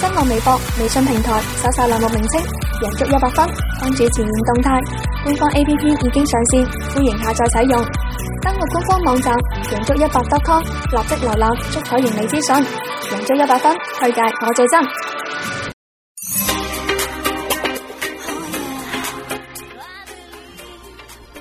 登錄微博、微信平台，搜索欄目名稱，贏足一百分。關注前沿動態，官方 A P P 已經上線，歡迎下載使用。登錄官方網站，贏足一百 .com，立即瀏覽足彩盈利資訊。贏足一百分，推介我最真。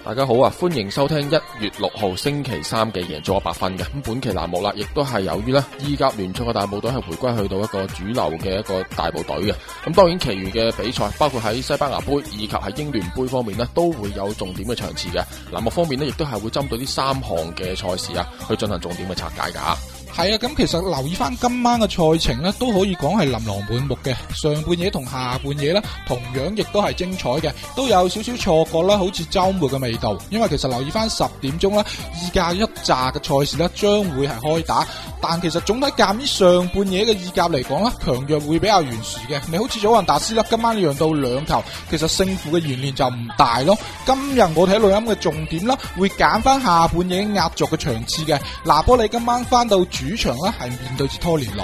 大家好啊，歡迎收聽一月六號星期三嘅贏足 100FUN 嘅，咁本期欄目啦，亦都係由於呢意甲聯賽嘅大部隊係回歸去到一個主流嘅一個大部隊嘅，咁當然其餘嘅比賽包括喺西班牙杯以及喺英聯杯方面呢，都會有重點嘅場次嘅，欄目方面呢，亦都係會針對呢三項嘅賽事啊去進行重點嘅拆解噶。係啊，咁其實留意翻今晚嘅賽程咧，都可以講係琳琅滿目嘅。上半夜同下半夜咧，同樣亦都係精彩嘅，都有少少錯覺啦，好似周末嘅味道。因為其實留意翻十點鐘啦，而家一紮嘅賽事咧，將會係開打。但其實總體夾於上半夜嘅意甲嚟講啦，強弱會比較懸殊嘅。你好似祖雲達斯啦，今晚讓到兩球，其實勝負嘅懸念就唔大咯。今日我睇錄音嘅重點啦，會揀翻下半夜壓軸嘅場次嘅。拿波利今晚翻到主場啦，係面對住拖連奴。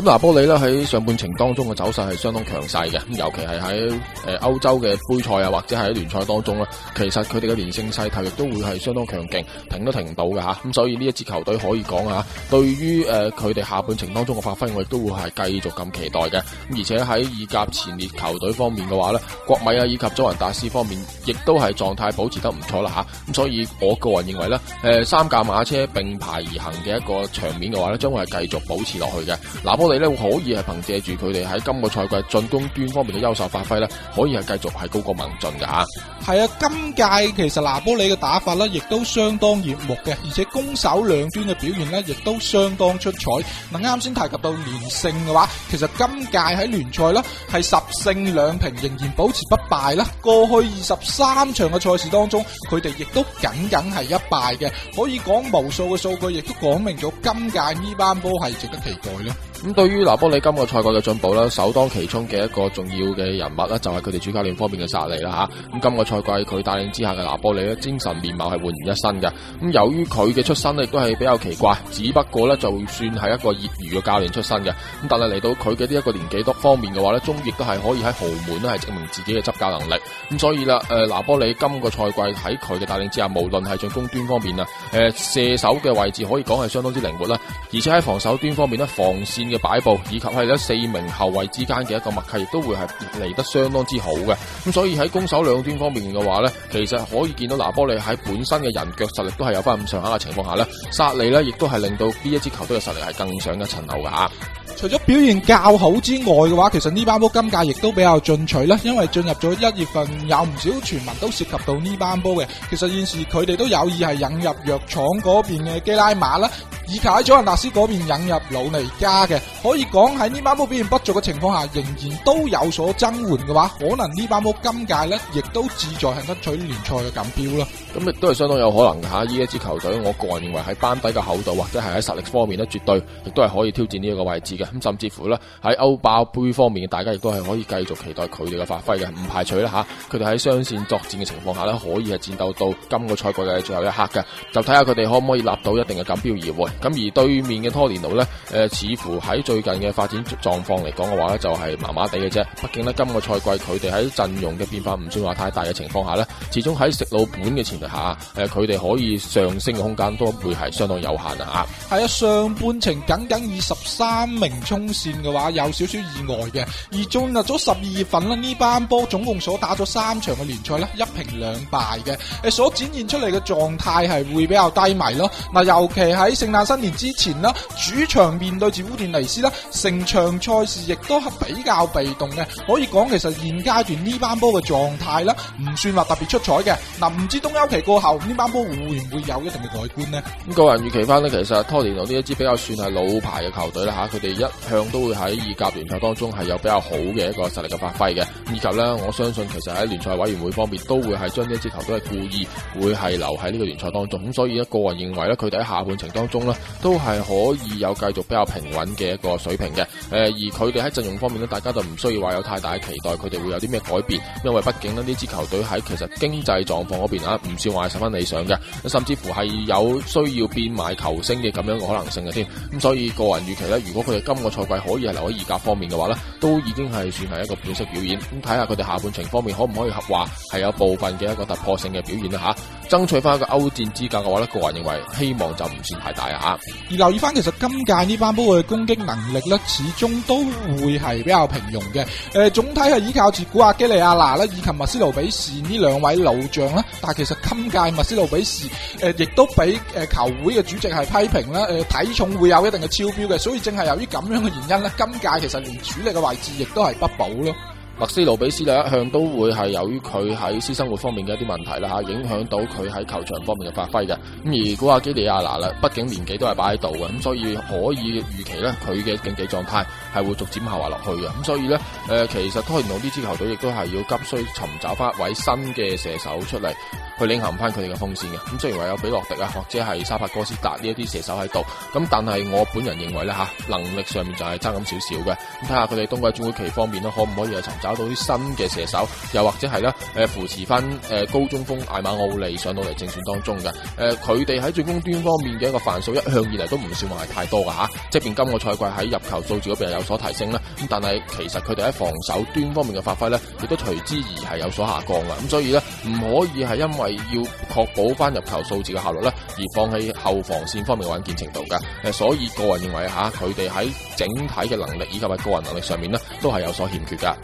咁拿波里咧喺上半程當中嘅走勢係相當強勢嘅，尤其係喺誒歐洲嘅杯賽啊，或者係聯賽當中咧，其實佢哋嘅連勝勢頭亦都會係相當強勁，停都停唔到嘅吓。咁、啊、所以呢一支球隊可以講啊，對於誒佢哋下半程當中嘅發揮我亦都會係繼續咁期待嘅、啊。而且喺意甲前列球隊方面嘅話咧，國米啊以及祖雲達斯方面，亦都係狀態保持得唔錯啦吓，咁、啊、所以我個人認為咧，誒、呃、三架馬車並排而行嘅一個場面嘅話咧，將會係繼續保持落去嘅。嗱，波。我哋咧可以係憑借住佢哋喺今個賽季進攻端方面嘅優秀發揮咧，可以係繼續係高歌猛進噶吓。係啊，今屆其實拿波里嘅打法咧，亦都相當悅目嘅，而且攻守兩端嘅表現咧，亦都相當出彩。嗱，啱先提及到連勝嘅話，其實今屆喺聯賽啦係十勝兩平，仍然保持不敗啦。過去二十三場嘅賽事當中，佢哋亦都僅僅係一敗嘅，可以講無數嘅數據亦都講明咗今屆呢班波係值得期待咧。咁、嗯、對於拿波里今個賽季嘅進步咧，首當其衝嘅一個重要嘅人物咧，就係佢哋主教練方面嘅薩利啦吓。咁、啊嗯、今個賽季佢帶領之下嘅拿波里咧，精神面貌係煥然一新嘅。咁、嗯、由於佢嘅出身亦都係比較奇怪，只不過咧就算係一個業餘嘅教練出身嘅，咁但係嚟到佢嘅呢一個年紀多方面嘅話咧，終亦都係可以喺豪門咧係證明自己嘅執教能力。咁所以啦，誒、呃、拿波里今個賽季喺佢嘅帶領之下，無論係進攻端方面啊，誒、呃、射手嘅位置可以講係相當之靈活啦，而且喺防守端方面咧防線，嘅擺布以及係咧四名後衛之間嘅一個默契，亦都會係嚟得相當之好嘅。咁所以喺攻守兩端方面嘅話咧，其實可以見到拿波利喺本身嘅人腳實力都係有翻咁上下嘅情況下咧，薩利咧亦都係令到呢一支球隊嘅實力係更上一層樓噶吓。除咗表現較好之外嘅話，其實呢班波今屆亦都比較進取啦，因為進入咗一月份，有唔少傳聞都涉及到呢班波嘅。其實現時佢哋都有意係引入藥廠嗰邊嘅基拉馬啦，以及喺祖雲達斯嗰邊引入魯尼加嘅。可以講喺呢班波表現不俗嘅情況下，仍然都有所增援嘅話，可能班呢班波今屆咧，亦都志在係爭取聯賽嘅錦標啦。咁亦都係相當有可能嘅吓。呢、啊、一支球隊，我個人認為喺班底嘅厚度或者係喺實力方面咧，絕對亦都係可以挑戰呢一個位置嘅。咁甚至乎咧，喺歐霸盃方面，大家亦都係可以繼續期待佢哋嘅發揮嘅，唔排除啦吓。佢哋喺雙線作戰嘅情況下咧，可以係戰鬥到今個賽季嘅最後一刻嘅。就睇下佢哋可唔可以立到一定嘅錦標而回。咁而對面嘅拖連奴咧，誒、呃，似乎。喺最近嘅發展狀況嚟講嘅話咧，就係麻麻地嘅啫。畢竟呢，今個賽季佢哋喺陣容嘅變化唔算話太大嘅情況下呢，始終喺食老本嘅前提下，誒，佢哋可以上升嘅空間都會係相當有限啊！吓係啊，上半程僅僅二十三名衝綫嘅話，有少少意外嘅。而進入咗十二月份啦，呢班波總共所打咗三場嘅聯賽呢，一平兩敗嘅，誒，所展現出嚟嘅狀態係會比較低迷咯。嗱，尤其喺聖誕新年之前啦，主場面對吉夫電力嚟師啦，成場賽事亦都係比較被動嘅，可以講其實現階段呢班波嘅狀態啦，唔算話特別出彩嘅。嗱，唔知冬休期過後呢班波會唔會有一定嘅改觀呢？咁個人預期翻咧，其實拖連奴呢一支比較算係老牌嘅球隊啦，吓、啊，佢哋一向都會喺意甲聯賽當中係有比較好嘅一個實力嘅發揮嘅，以及咧，我相信其實喺聯賽委員會方面都會係將呢一支球隊係故意會係留喺呢個聯賽當中，咁所以一個人認為咧，佢哋喺下半程當中咧，都係可以有繼續比較平穩嘅。一個水平嘅，誒，而佢哋喺陣容方面呢，大家就唔需要話有太大嘅期待，佢哋會有啲咩改變？因為畢竟咧，呢支球隊喺其實經濟狀況嗰邊啊，唔算話係十分理想嘅，甚至乎係有需要變賣球星嘅咁樣嘅可能性嘅添。咁所以個人預期呢，如果佢哋今個賽季可以係留喺意甲方面嘅話呢，都已經係算係一個出色表演，咁睇下佢哋下半程方面可唔可以合話係有部分嘅一個突破性嘅表現啦吓，爭取翻一個歐戰資格嘅話呢，個人認為希望就唔算太大吓。而留意翻，其實今屆呢班波嘅攻。的能力咧，始終都會係比較平庸嘅。誒、呃，總體係依靠自古阿基利亞拿，以及麥斯盧比士呢兩位老將啦。但係其實今屆麥斯盧比士，誒、呃，亦都俾誒、呃、球會嘅主席係批評啦。誒、呃，體重會有一定嘅超標嘅，所以正係由於咁樣嘅原因咧，今屆其實連主力嘅位置亦都係不保咯。麥斯盧比斯咧，一向都會係由於佢喺私生活方面嘅一啲問題啦嚇，影響到佢喺球場方面嘅發揮嘅。咁而古阿基利亞拿啦，畢竟年紀都係擺喺度嘅，咁所以可以預期咧佢嘅競技狀態。係會逐漸下滑落去嘅，咁所以咧，誒、呃，其實托然納呢支球隊亦都係要急需尋找翻一位新嘅射手出嚟，去領銜翻佢哋嘅鋒線嘅。咁、嗯、雖然話有比洛迪啊，或者係沙巴哥斯達呢一啲射手喺度，咁但係我本人認為咧吓、啊，能力上面就係差咁少少嘅。咁睇下佢哋冬季轉會期方面咧，可唔可以係尋找到啲新嘅射手，又或者係咧，誒、呃，扶持翻誒高中鋒艾馬奧利上到嚟正選當中嘅。誒、啊，佢哋喺進攻端方面嘅一個犯數一向以嚟都唔算話係太多噶吓、啊，即便今個賽季喺入球數字嗰邊有。有所提升啦，咁但係其實佢哋喺防守端方面嘅發揮咧，亦都隨之而係有所下降噶。咁所以咧，唔可以係因為要確保翻入球數字嘅效率咧，而放棄後防線方面嘅穩健程度噶。誒，所以個人認為吓，佢哋喺整體嘅能力以及係個人能力上面咧，都係有所欠缺噶。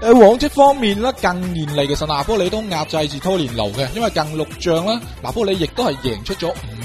誒、呃，往績方面咧，近年嚟其實拿波里都壓制住拖連奴嘅，因為近六仗咧，拿波里亦都係贏出咗。誒，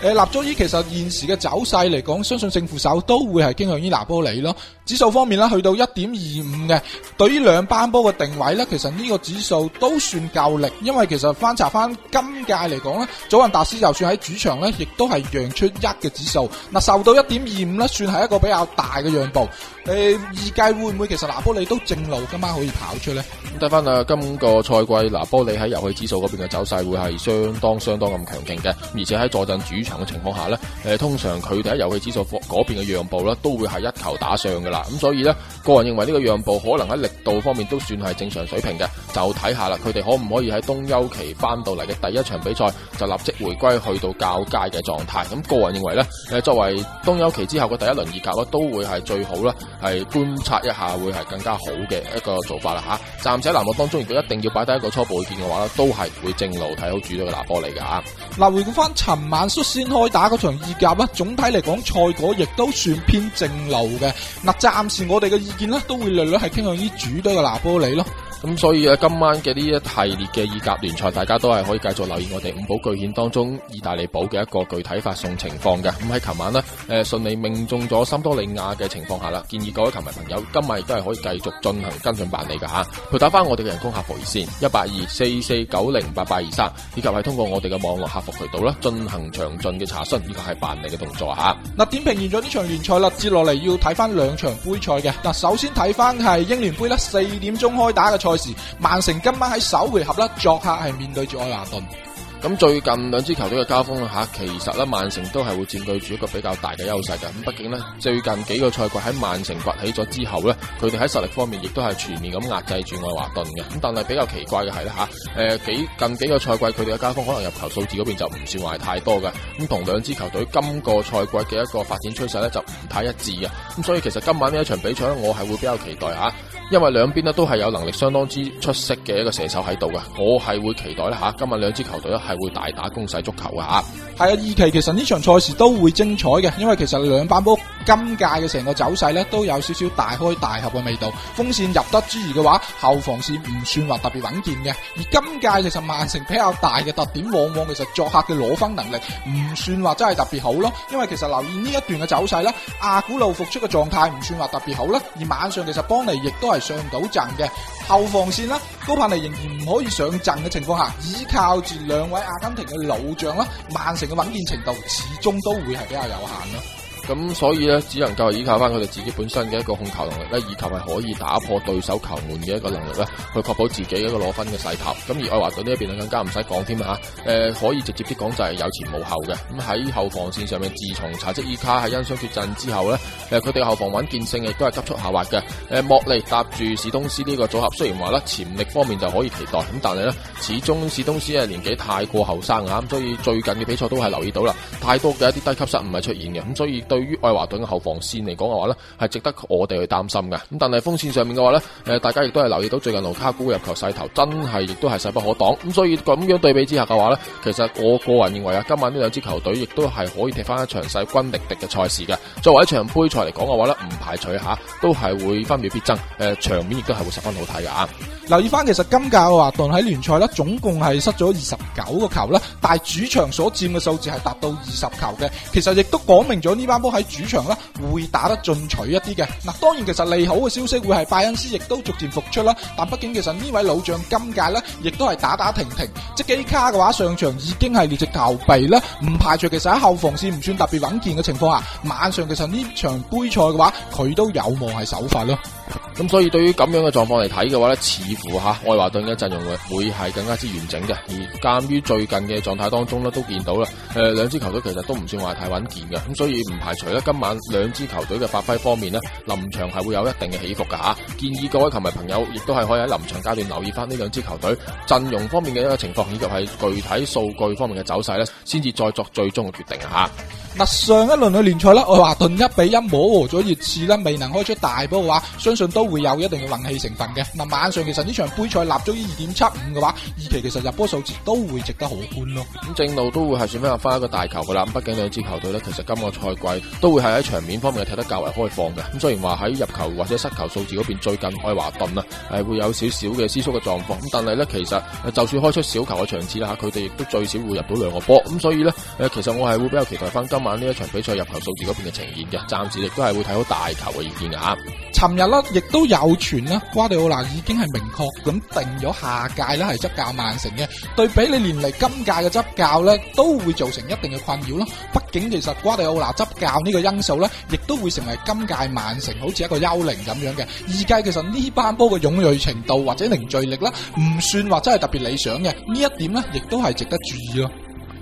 立足於其實現時嘅走勢嚟講，相信勝負手都會係傾向於拿波里咯。指數方面咧，去到一點二五嘅，對於兩班波嘅定位咧，其實呢個指數都算夠力，因為其實翻查翻今屆嚟講咧，祖雲達斯就算喺主場咧，亦都係讓出一嘅指數，嗱、呃，受到一點二五咧，算係一個比較大嘅讓步。誒、嗯，意甲會唔會其實拿波利都正路今晚可以跑出呢？咁睇翻啊，今個賽季拿波利喺遊戲指數嗰邊嘅走勢會係相當相當咁強勁嘅，而且喺坐鎮主場嘅情況下呢，誒，通常佢哋喺遊戲指數嗰邊嘅讓步咧，都會係一球打上噶啦。咁所以呢，個人認為呢個讓步可能喺力度方面都算係正常水平嘅，就睇下啦。佢哋可唔可以喺冬休期翻到嚟嘅第一場比賽就立即回歸去到較佳嘅狀態？咁個人認為呢，誒，作為冬休期之後嘅第一輪意甲咧，都會係最好啦。係觀察一下會係更加好嘅一個做法啦嚇、啊。暫時欄目當中如果一定要擺低一個初步意見嘅話咧，都係會正路睇好主隊嘅拿波利嘅。嗱、啊啊，回顧翻尋晚率先開打嗰場意甲咧，總體嚟講賽果亦都算偏正路嘅。嗱，暫時我哋嘅意見咧，都會略略係傾向於主隊嘅拿波利咯。咁所以啊，今晚嘅呢一系列嘅意甲聯賽，大家都係可以繼續留意我哋五寶巨獻當中意大利寶嘅一個具體發送情況嘅。咁喺琴晚咧，誒順利命中咗森多利亞嘅情況下啦，建議各位球迷朋友今晚都係可以繼續進行跟進辦理嘅吓。去打翻我哋嘅人工客服熱線一八二四四九零八八二三，4 4 23, 以及係通過我哋嘅網絡客服渠道啦，進行詳盡嘅查詢以及係辦理嘅動作吓。嗱，點評完咗呢場聯賽啦，接落嚟要睇翻兩場盃賽嘅。嗱，首先睇翻係英聯盃啦，四點鐘開打嘅賽。曼城今晚喺首回合啦，作客係面對住愛華頓。咁最近兩支球隊嘅交鋒吓，其實咧曼城都係會佔據住一個比較大嘅優勢嘅。咁畢竟呢，最近幾個賽季喺曼城崛起咗之後呢，佢哋喺實力方面亦都係全面咁壓制住愛華頓嘅。咁但係比較奇怪嘅係咧吓，誒、啊、幾近幾個賽季佢哋嘅交鋒可能入球數字嗰邊就唔算話係太多嘅。咁、嗯、同兩支球隊今個賽季嘅一個發展趨勢咧就唔太一致嘅。咁、嗯、所以其實今晚呢一場比賽咧，我係會比較期待吓、啊，因為兩邊呢都係有能力相當之出色嘅一個射手喺度嘅。我係會期待咧吓、啊，今晚兩支球隊會大打攻勢足球噶吓，係啊！二期其實呢場賽事都會精彩嘅，因為其實兩班波今屆嘅成個走勢咧都有少少大開大合嘅味道。鋒線入得之餘嘅話，後防線唔算話特別穩健嘅。而今屆其實曼城比較大嘅特點，往往其實作客嘅攞分能力唔算話真係特別好咯。因為其實留意呢一段嘅走勢咧，阿古路復出嘅狀態唔算話特別好啦。而晚上其實邦尼亦都係上到陣嘅。後防線啦，高帕尼仍然唔可以上陣嘅情況下，依靠住兩位阿根廷嘅老將啦，曼城嘅穩健程度始終都會係比較有限咯。咁所以咧，只能夠依靠翻佢哋自己本身嘅一個控球能力咧，以及係可以打破對手球門嘅一個能力咧，去確保自己一個攞分嘅勢頭。咁而愛華頓呢一邊咧更加唔使講添吓，誒、啊、可以直接啲講就係有前無後嘅。咁、啊、喺後防線上面，自從查積爾卡喺因傷缺陣之後咧，誒佢哋後防穩健性亦都係急速下滑嘅。誒、啊、莫利搭住史東斯呢個組合，雖然話咧潛力方面就可以期待，咁但係咧始終史東斯係年紀太過後生啊，咁所以最近嘅比賽都係留意到啦，太多嘅一啲低級失誤係出現嘅，咁所以。對於愛華頓嘅後防線嚟講嘅話呢，係值得我哋去擔心嘅。咁但係鋒線上面嘅話呢誒，大家亦都係留意到最近盧卡古入球勢頭真係亦都係勢不可擋。咁所以咁樣對比之下嘅話呢，其實我個人認為啊，今晚呢兩支球隊亦都係可以踢翻一場勢均力敵嘅賽事嘅。作為一場杯賽嚟講嘅話呢，唔排除吓都係會分秒必爭。誒，場面亦都係會十分好睇嘅。啊，留意翻，其實今屆愛華頓喺聯賽呢，總共係失咗二十九個球啦，但係主場所佔嘅數字係達到二十球嘅。其實亦都講明咗呢班。波喺主場啦，會打得進取一啲嘅。嗱，當然其實利好嘅消息會係拜恩斯亦都逐漸復出啦。但畢竟其實呢位老將今屆咧，亦都係打打停停。即基卡嘅話，上場已經係列只球幣啦。唔排除其實喺後防線唔算特別穩健嘅情況下，晚上其實呢場杯賽嘅話，佢都有望係首發咯。咁所以對於咁樣嘅狀況嚟睇嘅話呢，似乎吓、啊、愛華頓嘅陣容會會係更加之完整嘅。而鑒於最近嘅狀態當中呢都見到咧，誒、呃、兩支球隊其實都唔算話太穩健嘅。咁所以唔排除呢今晚，兩支球隊嘅發揮方面呢臨場係會有一定嘅起伏噶吓、啊。建議各位球迷朋友，亦都係可以喺臨場階段留意翻呢兩支球隊陣容方面嘅一個情況，以及係具體數據方面嘅走勢呢先至再作最終嘅決定吓。嗱上一輪嘅聯賽啦，愛華頓一比一冇和咗熱刺啦，未能開出大波嘅話，相信都會有一定嘅運氣成分嘅。嗱晚上其實呢場杯賽立足於二點七五嘅話，二期其實入波數字都會值得好觀咯。咁正路都會係選翻一個大球噶啦，咁畢竟兩支球隊呢，其實今個賽季都會係喺場面方面踢得較為開放嘅。咁雖然話喺入球或者失球數字嗰邊最近愛華頓啊，係會有少少嘅收縮嘅狀況，咁但係呢，其實就算開出小球嘅場次啦吓，佢哋亦都最少會入到兩個波。咁所以呢，誒其實我係會比較期待翻今。今晚呢一場比賽入球數字嗰邊嘅呈現嘅，暫時亦都係會睇好大球嘅意見嘅嚇。尋日咧，亦都有傳啦，瓜迪奧拉已經係明確咁定咗下屆咧係執教曼城嘅。對比你連嚟今屆嘅執教咧，都會造成一定嘅困擾咯。畢竟其實瓜迪奧拉執教呢個因素咧，亦都會成為今屆曼城好似一個幽靈咁樣嘅。而家其實呢班波嘅擁躉程度或者凝聚力咧，唔算話真係特別理想嘅。呢一點咧，亦都係值得注意咯。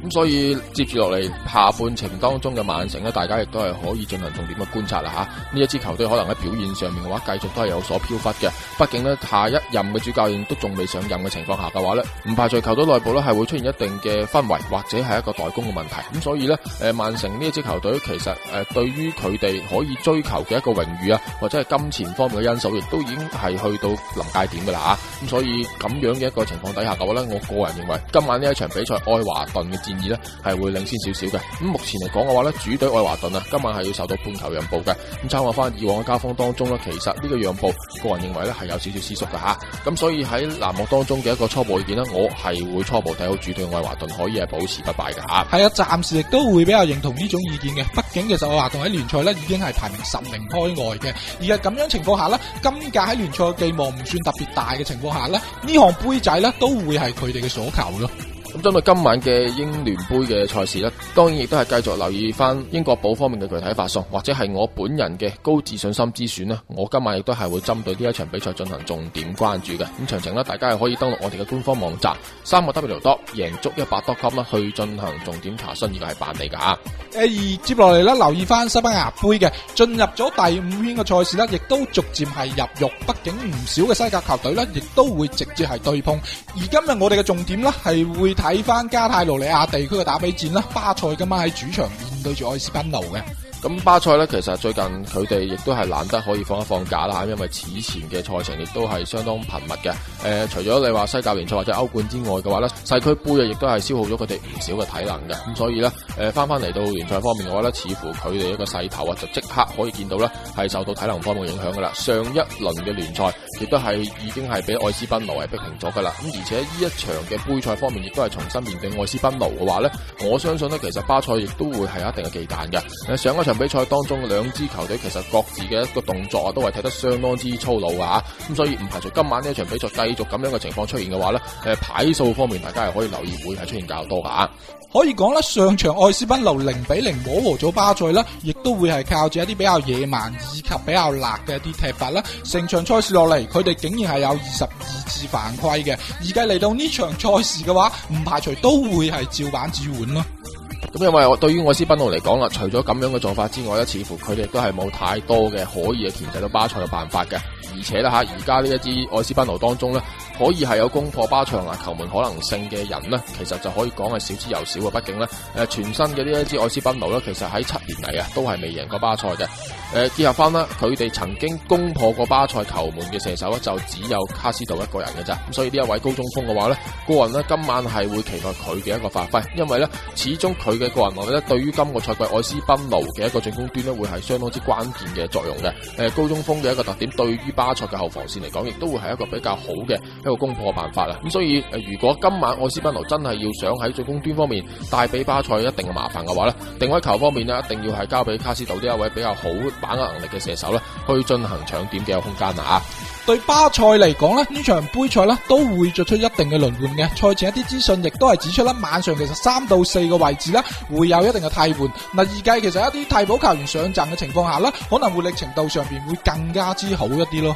咁所以接住落嚟下半程當中嘅曼城咧，大家亦都係可以進行重點嘅觀察啦吓。呢、啊、一支球隊可能喺表現上面嘅話，繼續都係有所飄忽嘅。畢竟咧，下一任嘅主教練都仲未上任嘅情況下嘅話咧，唔排除球隊內部咧係會出現一定嘅氛圍，或者係一個代工嘅問題。咁、啊、所以咧，誒、啊，曼城呢一支球隊其實誒、啊，對於佢哋可以追求嘅一個榮譽啊，或者係金錢方面嘅因素，亦都已經係去到臨界點噶啦吓。咁、啊啊、所以咁樣嘅一個情況底下嘅話咧，我個人認為今晚呢一場比賽，愛華頓嘅。建議咧係會領先少少嘅，咁目前嚟講嘅話咧，主隊愛華頓啊，今晚係要受到半球讓步嘅。咁參考翻以往嘅交鋒當中咧，其實呢個讓步，個人認為咧係有少少思縮嘅吓。咁所以喺欄目當中嘅一個初步意見咧，我係會初步睇好主隊愛華頓可以係保持不敗嘅吓。係啊，暫時亦都會比較認同呢種意見嘅。畢竟其實愛華頓喺聯賽咧已經係排名十名開外嘅，而喺咁樣情況下咧，今屆喺聯賽嘅寄望唔算特別大嘅情況下咧，呢項杯仔咧都會係佢哋嘅所求咯。咁針對今晚嘅英聯杯嘅賽事咧，當然亦都係繼續留意翻英國寶方面嘅具體發送，或者係我本人嘅高自信心之選咧，我今晚亦都係會針對呢一場比賽進行重點關注嘅。咁詳情咧，大家係可以登錄我哋嘅官方網站三個 w dot 贏足一百 dot com 啦，去進行重點查詢而係辦嚟噶吓。誒，而接落嚟咧，留意翻西班牙杯嘅進入咗第五圈嘅賽事咧，亦都逐漸係入肉，畢竟唔少嘅西甲球隊咧，亦都會直接係對碰。而今日我哋嘅重點咧係會。睇翻加泰羅尼亞地區嘅打比戰啦，巴塞今晚喺主場面對住愛斯賓奴嘅。咁巴塞咧，其實最近佢哋亦都係難得可以放一放假啦嚇，因為此前嘅賽程亦都係相當頻密嘅。誒、呃，除咗你話西甲聯賽或者歐冠之外嘅話咧，世區杯啊，亦都係消耗咗佢哋唔少嘅體能嘅。咁所以咧，誒、呃，翻翻嚟到聯賽方面嘅話咧，似乎佢哋一個勢頭啊，就即刻可以見到咧，係受到體能方面影響嘅啦。上一輪嘅聯賽亦都係已經係俾愛斯賓奴係逼平咗嘅啦。咁而且呢一場嘅杯賽方面，亦都係重新面對愛斯賓奴嘅話咧，我相信咧，其實巴塞亦都會係一定嘅忌憚嘅。上一場場比賽當中，兩支球隊其實各自嘅一個動作啊，都係踢得相當之粗魯嘅吓，咁所以唔排除今晚呢一場比賽繼續咁樣嘅情況出現嘅話咧，誒牌數方面，大家係可以留意，會係出現較多吓、啊。可以講啦，上場愛斯賓流零比零磨和咗巴塞啦，亦都會係靠住一啲比較野蠻以及比較辣嘅一啲踢法啦。成場賽事落嚟，佢哋竟然係有二十二次犯規嘅，而家嚟到呢場賽事嘅話，唔排除都會係照板煮碗咯。咁因為我對於愛斯賓奴嚟講啦，除咗咁樣嘅做法之外咧，似乎佢哋都係冇太多嘅可以嘅鉗制到巴塞嘅辦法嘅，而且咧吓而家呢一支愛斯賓奴當中咧。可以係有攻破巴塞牙球門可能性嘅人呢，其實就可以講係少之又少啊！畢竟呢，誒全新嘅呢一支愛斯賓奴呢，其實喺七年嚟啊都係未贏過巴塞嘅。誒結合翻啦，佢哋曾經攻破過巴塞球門嘅射手呢，就只有卡斯杜一個人嘅咋。咁所以呢一位高中鋒嘅話呢，個人呢，今晚係會期待佢嘅一個發揮，因為呢，始終佢嘅個人能力呢，對於今個賽季愛斯賓奴嘅一個進攻端呢，會係相當之關鍵嘅作用嘅。誒、呃、高中鋒嘅一個特點對於巴塞嘅後防線嚟講，亦都會係一個比較好嘅。個攻破嘅辦法啦，咁所以誒，如果今晚愛斯賓奴真係要想喺最高端方面帶俾巴塞一定嘅麻煩嘅話咧，定位球方面呢一定要係交俾卡斯杜呢一位比較好把握能力嘅射手咧，去進行搶點嘅空間啊！對巴塞嚟講咧，呢場杯賽咧都會作出一定嘅輪換嘅，賽前一啲資訊亦都係指出啦，晚上其實三到四個位置啦，會有一定嘅替換。嗱，預計其實一啲替補球員上陣嘅情況下，可能活力程度上邊會更加之好一啲咯。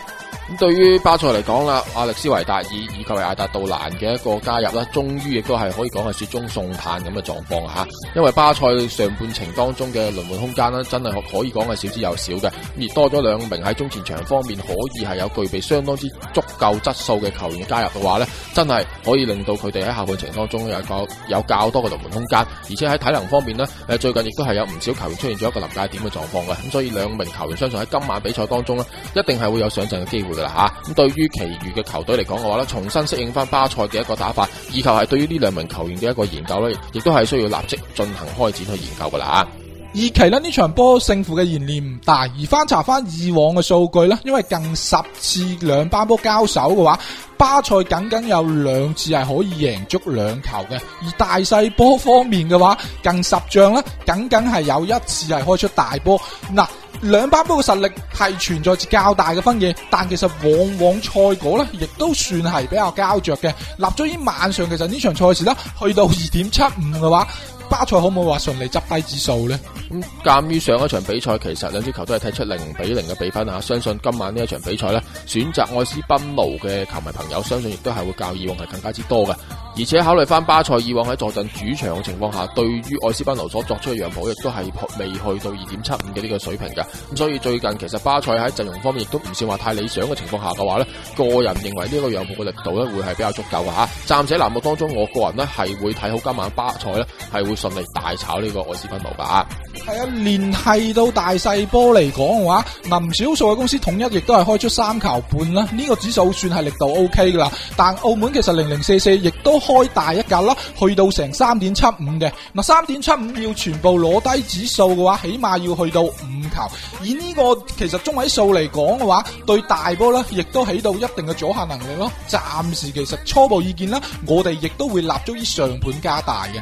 咁對於巴塞嚟講啦，阿歷斯維達爾以，以及係艾達杜蘭嘅一個加入啦，終於亦都係可以講係雪中送炭咁嘅狀況吓，因為巴塞上半程當中嘅輪換空間啦，真係可以講係少之又少嘅，而多咗兩名喺中前場方面可以係有具備相當之足夠質素嘅球員加入嘅話咧，真係。可以令到佢哋喺下半程當中有一個有較多嘅留門空間，而且喺體能方面呢，誒最近亦都係有唔少球員出現咗一個臨界點嘅狀況嘅，咁所以兩名球員相信喺今晚比賽當中呢，一定係會有上陣嘅機會噶啦吓。咁對於其餘嘅球隊嚟講嘅話呢，重新適應翻巴塞嘅一個打法，以及係對於呢兩名球員嘅一個研究呢，亦都係需要立即進行開展去研究噶啦吓。二期呢呢場波勝負嘅懸念唔大，而翻查翻以往嘅數據呢，因為近十次兩班波交手嘅話。巴塞僅僅有兩次係可以贏足兩球嘅，而大細波方面嘅話，近十仗呢僅僅係有一次係開出大波。嗱，兩班波嘅實力係存在住較大嘅分野，但其實往往賽果呢亦都算係比較膠着嘅。立咗於晚上，其實呢場賽事呢去到二點七五嘅話。巴塞可唔可以話順利執低指數咧？咁鑒於上一場比賽其實兩支球都係踢出零比零嘅比分啊，相信今晚呢一場比賽咧，選擇愛斯賓奴嘅球迷朋友，相信亦都係會較以往係更加之多嘅。而且考慮翻巴塞以往喺坐鎮主場嘅情況下，對於愛斯賓奴所作出嘅讓步，亦都係未去到二點七五嘅呢個水平嘅。咁所以最近其實巴塞喺陣容方面亦都唔算話太理想嘅情況下嘅話咧，個人認為呢個讓步嘅力度咧會係比較足夠嘅吓。暫時欄目當中，我個人咧係會睇好今晚巴塞咧係會順利大炒呢個愛斯賓奴噶吓。係啊，聯繫到大細波嚟講嘅話，林少數嘅公司統一亦都係開出三球半啦，呢個指數算係力度 OK 噶啦。但澳門其實零零四四亦都。開大一格咯，去到成三點七五嘅。嗱三點七五要全部攞低指數嘅話，起碼要去到五球。以呢個其實中位數嚟講嘅話，對大波咧亦都起到一定嘅阻限能力咯。暫時其實初步意見啦，我哋亦都會立足於上盤加大嘅。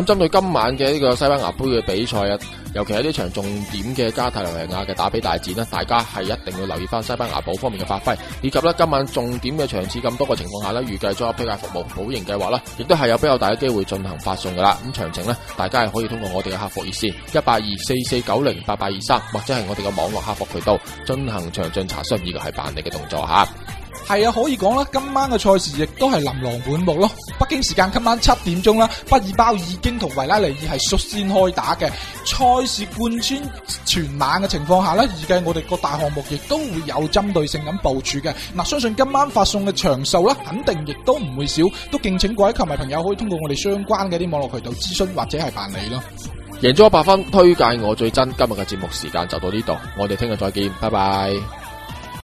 咁針對今晚嘅呢個西班牙杯嘅比賽啊。尤其係呢場重點嘅加泰羅尼亞嘅打比大戰呢，大家係一定要留意翻西班牙寶方面嘅發揮，以及呢今晚重點嘅場次咁多嘅情況下呢，預計再推介服務保型計劃啦，亦都係有比較大嘅機會進行發送噶啦。咁詳情呢大家係可以通過我哋嘅客服熱線一八二四四九零八八二三，或者係我哋嘅網絡客服渠道進行詳盡查詢呢個係辦理嘅動作吓。係啊，可以講啦，今晚嘅賽事亦都係琳琅滿目咯。北京時間今晚七點鐘啦，畢爾包已經同維拉利爾係率先開打嘅。賽事貫穿全晚嘅情況下呢，預計我哋各大項目亦都會有針對性咁部署嘅。嗱，相信今晚發送嘅場數呢，肯定亦都唔會少，都敬請各位球迷朋友可以通過我哋相關嘅啲網絡渠道諮詢或者係辦理咯。贏足 100FUN，推介我最真。今日嘅節目時間就到呢度，我哋聽日再見，拜拜。